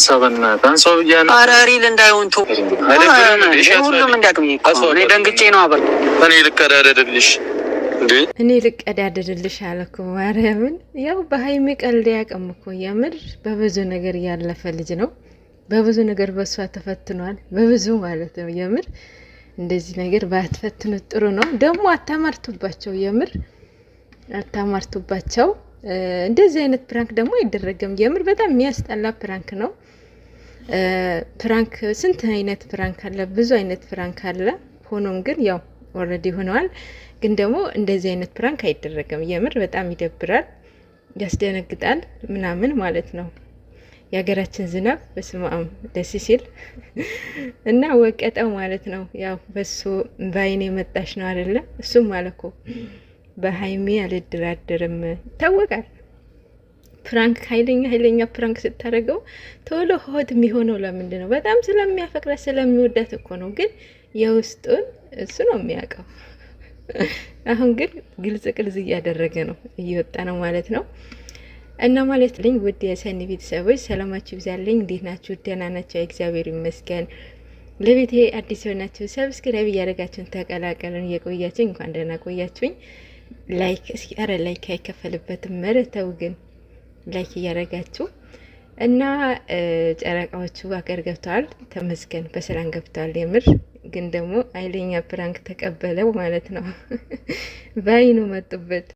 አንሳ በእናትህ አንሳው ብያለሁ። ኧረ ሪል እንዳይሆን ተው። ሁሉም እንዳቅም ደንግጬ ነው። አበር እኔ ልቀዳደድልሽ እኔ ልቀዳደድልሽ አለኩ። ማርያምን ያው በሀይሚ ቀልድ ያቅም እኮ የምር በብዙ ነገር ያለፈ ልጅ ነው። በብዙ ነገር በእሷ ተፈትኗል። በብዙ ማለት ነው። የምር እንደዚህ ነገር ባትፈትኑት ጥሩ ነው። ደግሞ አታማርቱባቸው። የምር አታማርቱባቸው። እንደዚህ አይነት ፕራንክ ደግሞ አይደረግም። የምር በጣም የሚያስጠላ ፕራንክ ነው። ፕራንክ ስንት አይነት ፕራንክ አለ፣ ብዙ አይነት ፕራንክ አለ። ሆኖም ግን ያው ኦልሬዲ ሆነዋል። ግን ደግሞ እንደዚህ አይነት ፕራንክ አይደረግም። የምር በጣም ይደብራል፣ ያስደነግጣል ምናምን ማለት ነው። የሀገራችን ዝናብ በስማም ደስ ሲል እና ወቀጠው ማለት ነው። ያው በሱ በአይን የመጣሽ ነው አይደለም እሱም አለኮ በሀይሜ አልደራደርም። ይታወቃል። ፕራንክ ኃይለኛ ኃይለኛ ፕራንክ ስታደርገው ቶሎ ሆድ የሚሆነው ለምንድን ነው? በጣም ስለሚያፈቅራት ስለሚወዳት እኮ ነው። ግን የውስጡን እሱ ነው የሚያውቀው። አሁን ግን ግልጽ ቅልጽ እያደረገ ነው፣ እየወጣ ነው ማለት ነው። እና ማለት ልኝ ውድ የሰኒ ቤተሰቦች ሰላማችሁ ይብዛልኝ። እንዴት ናችሁ? ደህና ናቸው። እግዚአብሔር ይመስገን። ለቤቴ አዲስ የሆናችሁ ሰብስክራይብ እያደረጋችሁን ተቀላቀሉን። እየቆያችሁኝ እንኳን ደህና ቆያችሁኝ። ላይክ እስኪ ኧረ ላይክ አይከፈልበትም። መረተው ግን ላይክ እያደረጋችሁ እና ጨረቃዎቹ አገር ገብተዋል። ተመስገን በሰላም ገብተዋል። የምር ግን ደግሞ አይለኛ ፕራንክ ተቀበለው ማለት ነው። በአይኑ መጡበት።